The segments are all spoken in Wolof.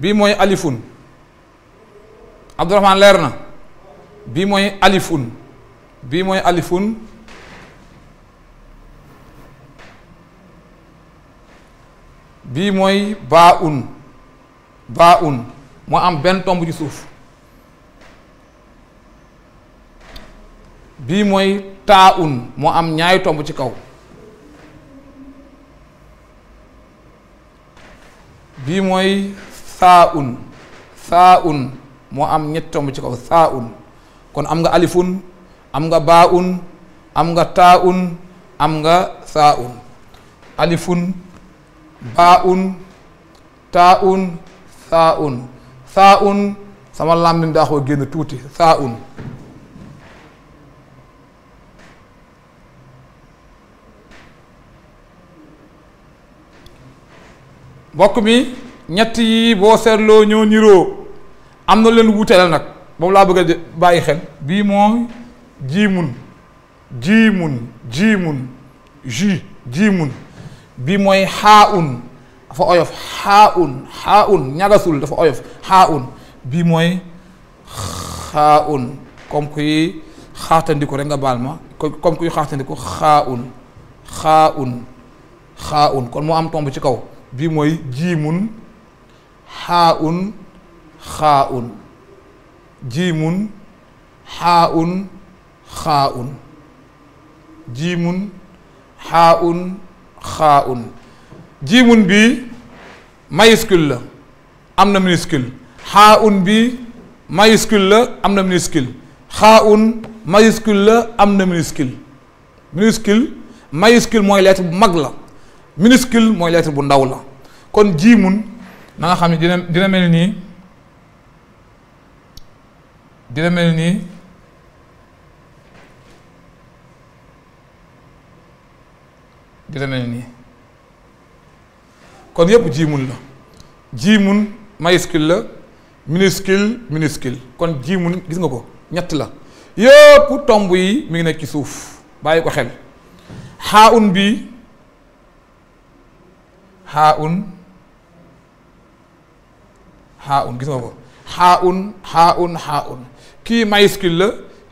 bii mooy alifun Abdourahman leer na bii mooy alifun bii mooy alifun bii mooy baa un baa un moo am benn tomb ci suuf bii mooy taa un moo am ñaari tomb ci kaw bii mooy saa un saa un moo am ñetti tomb ci kaw saa un kon am nga alifun am nga baa un am nga taa un am nga saa un alifun baa un taa un saa un saa un sama làmmiñ daa xaw génn tuuti saa un mbokk mi ñett yi boo seetloo ñoo niroo am na leen wuuteel nag moom laa bëgg a bàyyi xel bii mooy jiimun jiimun jiimun ji jiimun bii mooy xaaun dafa oyof xaaun xaaun ñagasul dafa oyof xaaun bii mooy xaaun comme kuy xaatandiku rek nga baal ma comme kuy xaatandiku xaaun xaaun xaaun kon moo am tomb ci kaw bii mooy jiimun xaaun xaaun jiimun xaaun xaaun jiimun xaaun xaaun jiimun bi majuscule la am na minuscule xaaun bi majuscule la am na minuscule xaaun majuscule la am na minuscule minuscule majuscule mooy lettre bu mag la minuscule mooy lettre bu ndaw la kon jiimun na xam ne dina dina mel nii dina mel nii dina mel kon yépp jiimun la jiimun majuscule la minuscule miniskil kon jiimun gis nga ko ñett la yépp tomb yi mi ngi nekk ci suuf bàyyi ko xel xaa un bi xaa un xaa un gis nga ko xaa un xaa un xaa un kii majuscule la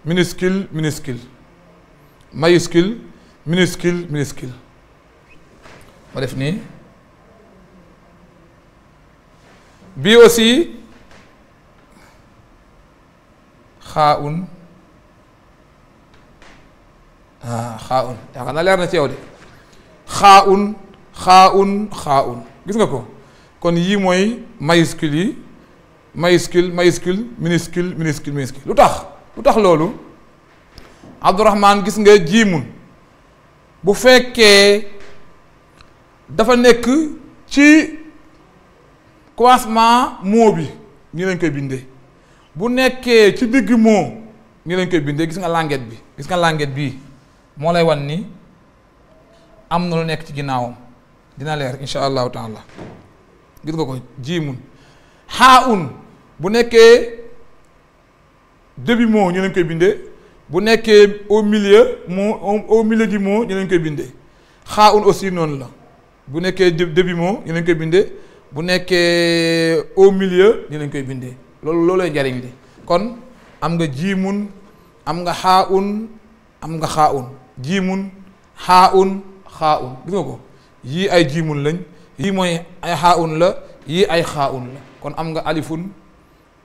minuscule minuscule majuscule minuscule ma def nii bii aussi xaa un xaa ah, un yaakaar naa leer na ci de xaa un xaa un xaa un gis nga ko kon yii mooy majuscule yi majuscule majuscule minuscule minuscule minuscule lu tax lu tax loolu Abdourahman gis nga jiimun bu fekkee dafa nekk ci commencement mot bi nii lañ koy bindee bu nekkee ci digg mot nii lañ koy bindee gis nga languette bi gis nga languette bi moo lay wan ni am na lu nekk ci ginnaawam dina leer incha allahu taala gis nga ko jiimun xaaun bu nekkee début mot ñu leen koy bindee bu nekkee au milieu mot au milieu du mot ñu leen koy bindee xaaun aussi noonu la bu nekkee début mot ñu leen koy bindee bu nekkee au millier ñu lañ koy bindee loolu loolooy njariñ li kon am nga jiimun am nga xaaun am nga xaaun jiimun xaaun xaaun gis nga ko yii ay jiimun lañ yii mooy ay xaaun la yii ay xaaun la kon am nga alifun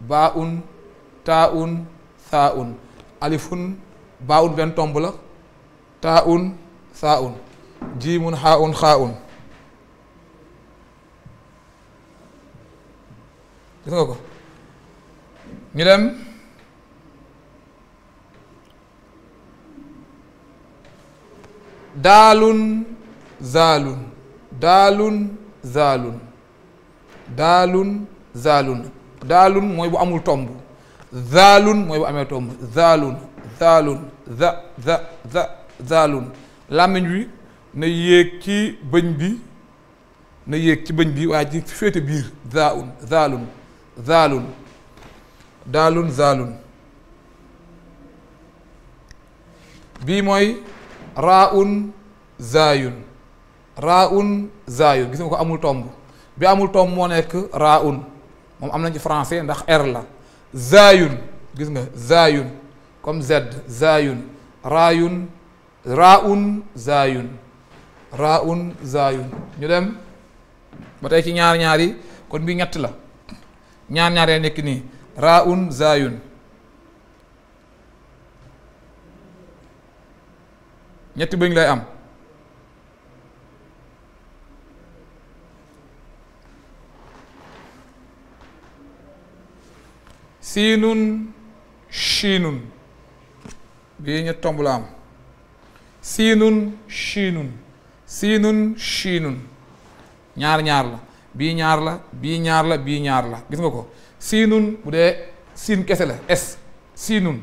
baaun taaun saaun alifun baaun benn tomb la taaun saaun jiimun xaaun xaaun gis nga ko ñu dem daalun zaalun daalun zaalun daalun zaalun daalun mooy bu amul tomb zaalun mooy bu amee tomb zaalun zaalun zaalun làmmiñ wi na yéeg ci bëñ bi na yéeg ci bëñ bi waaye ci féete biir zaaun zaalun zaalun daalun zaalun bii mooy raun zaayun raa un zaayu gis nga ko amul tomb bi amul tomb moo nekk raa un moom am nañ ci français ndax r la zaayun gis nga zaayun comme z zaayun raayun raa un zaayun raa un zaayun ñu dem ba tey ci ñaar ñaari yi kon bi ñett la ñaar ñaar ya nekk nii raa un zaayun ñetti bëñ lay am Sinun, Shinun, bii ñett tomb la am Sinun, Shinun, siinun chiinun ñaar ñaar la bii ñaar la bii ñaar la bii ñaar la gis nga ko siinun bu dee siin la es siinun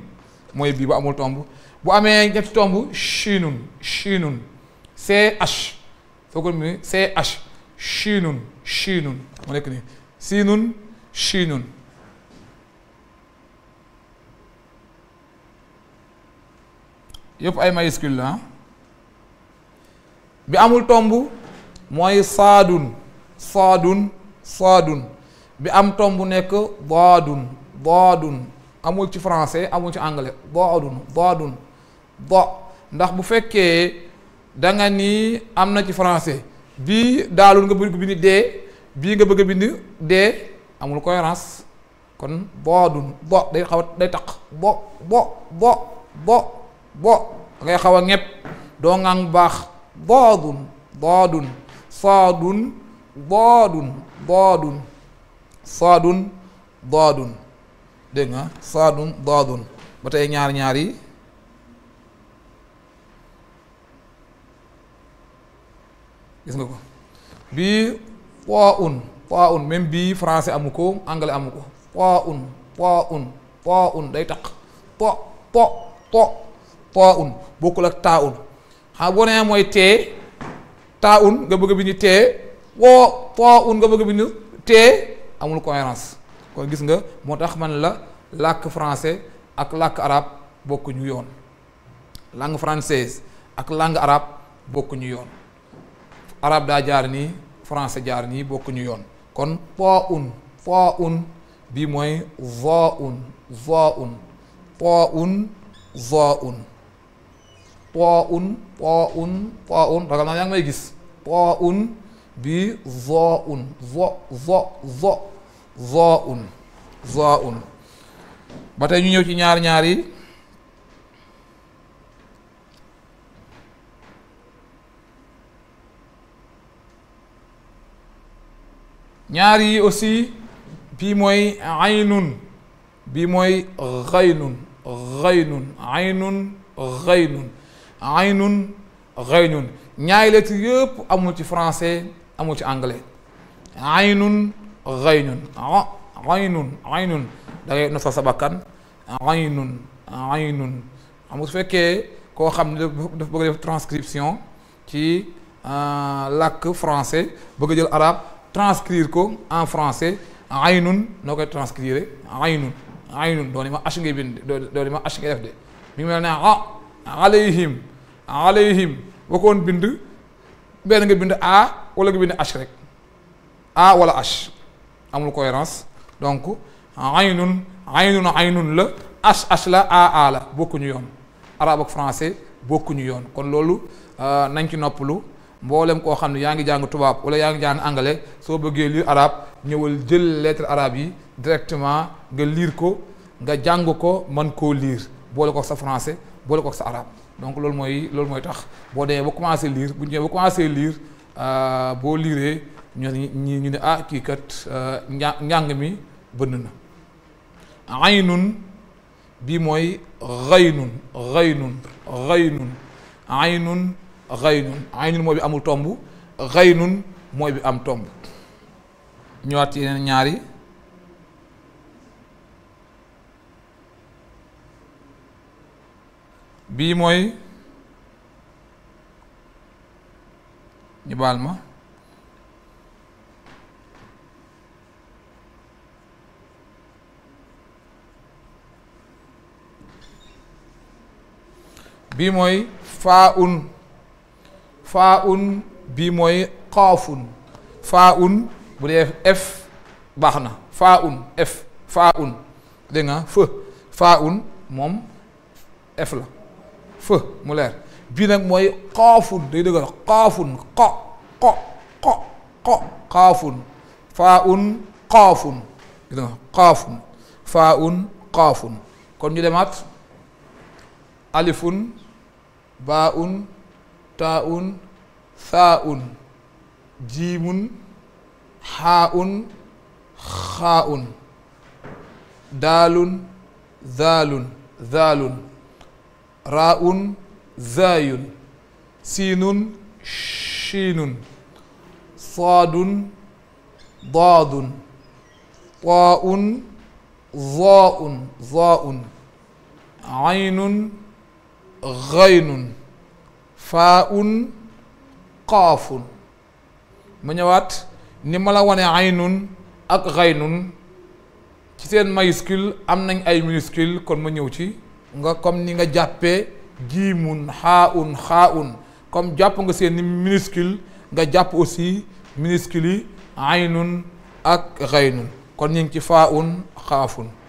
mooy bii bu amul tomb bu amee ñetti tomb chiinun chiinun ch soo ko mi ch Shinun, Shinun, mu nekk nii siinun chiinun yop ay majuscule la bi amul tombu moy sadun sadun, sadun, bi am tombu nek daadun badun, amul ci français amul ci anglais daadun badun, da ndax bu fekke da nga ni amna ci français bi dalul nga bëgg bindi dé bi nga bëgg bindi dé amul cohérence kon badun, da day xaw day tak bo bo bo bo bo dangay xawa a do ngang bax dadun dadun sadun dadun dadun sadun dadun de nga sadun dadun batay ñaar ñaar yi gis nga ko bi waun waun même bi français amuko anglais amuko waun waun waun day tak po po to poun bokul ak taun ha boo moy mooy taun nga bëgg biñu tee wo poun nga bëgg biñu te amul cohérence ko gis nga motax man la lak français ak lak arab bokku ñu yoon langue française ak langue Arab bokku ñu yoon arab da jaar ni français jaar ni bokku ñu yoon kon poun poun bi moy voun voun poun voun po un po un po un ragal naa yaa ngi may gis po un bi zo un zo zo zo zo un zo un ba tey ñu ñëw ci ñaar ñaar yi ñaar yi aussi bii mooy aynun bii mooy xaynun xaynun aynun xaynun aynun ghaynun lettre yépp amul ci français amul ci anglais aynun ghaynun aynun aynun da ngay sommes sabakan. aynun bëgg def transcription euh, français bëgg jël arabe transcrire en français aynun koy transcrire bind alayhim waxoon bind benn nga bind a wala nga bind h rek a walla h amul cohérence donc aynun aynun aynun la h h la a a la bokkuñu yoon arabe ak français bokkuñu yoon kon loolu euh, nañ ci noppalu mboolem koo xam ne yaa ngi jàng tubaab wala yaa ngi jàng anglais soo bëggee lire arab ñëwal jël lettre arab yi directement nga liir ko nga jàng ko mën koo liir boole ko sa français boole ko sa arabe donc loolu mooy loolu mooy tax boo demee ba commencé liir bu ñu demee ba commencé euh, boo liiree ñu ne ñu ne ah kii kat euh, nja njàng mi bënn na nun bi mooy xaynun xaynun xaynun aynun xaynun aynun mooy bi amul tomb xaynun mooy bi am tomb ñëwaat ci yeneen ñaari bii mooy ñu baal ma bii mooy faun, faun faa un bii mooy bu f baax na faa f faun, un dégg nga fë faa un f la fë mu leer bii nag mooy xaafun day dëggal xaafun xo xo xo xo xaafun faun un xaafun gis nga xaafun faa un xaafun kon ñu demaat alifun baun taun taa jimun haun un dalun xaa un راء زاي سين شين صاد ضاد طاء ظاء ظاء عين غين فاء قاف منيوات نملا وانا عين اك غين تي سين مايسكول امنا اي ميسكيل كون من يوتي nga comme ni nga jàppee jiimun xaaun xaaun comme jàpp nga seeni minuscule nga jàpp aussi minuscule yi aynun ak xaynun kon ñu ngi ci faaun xaafun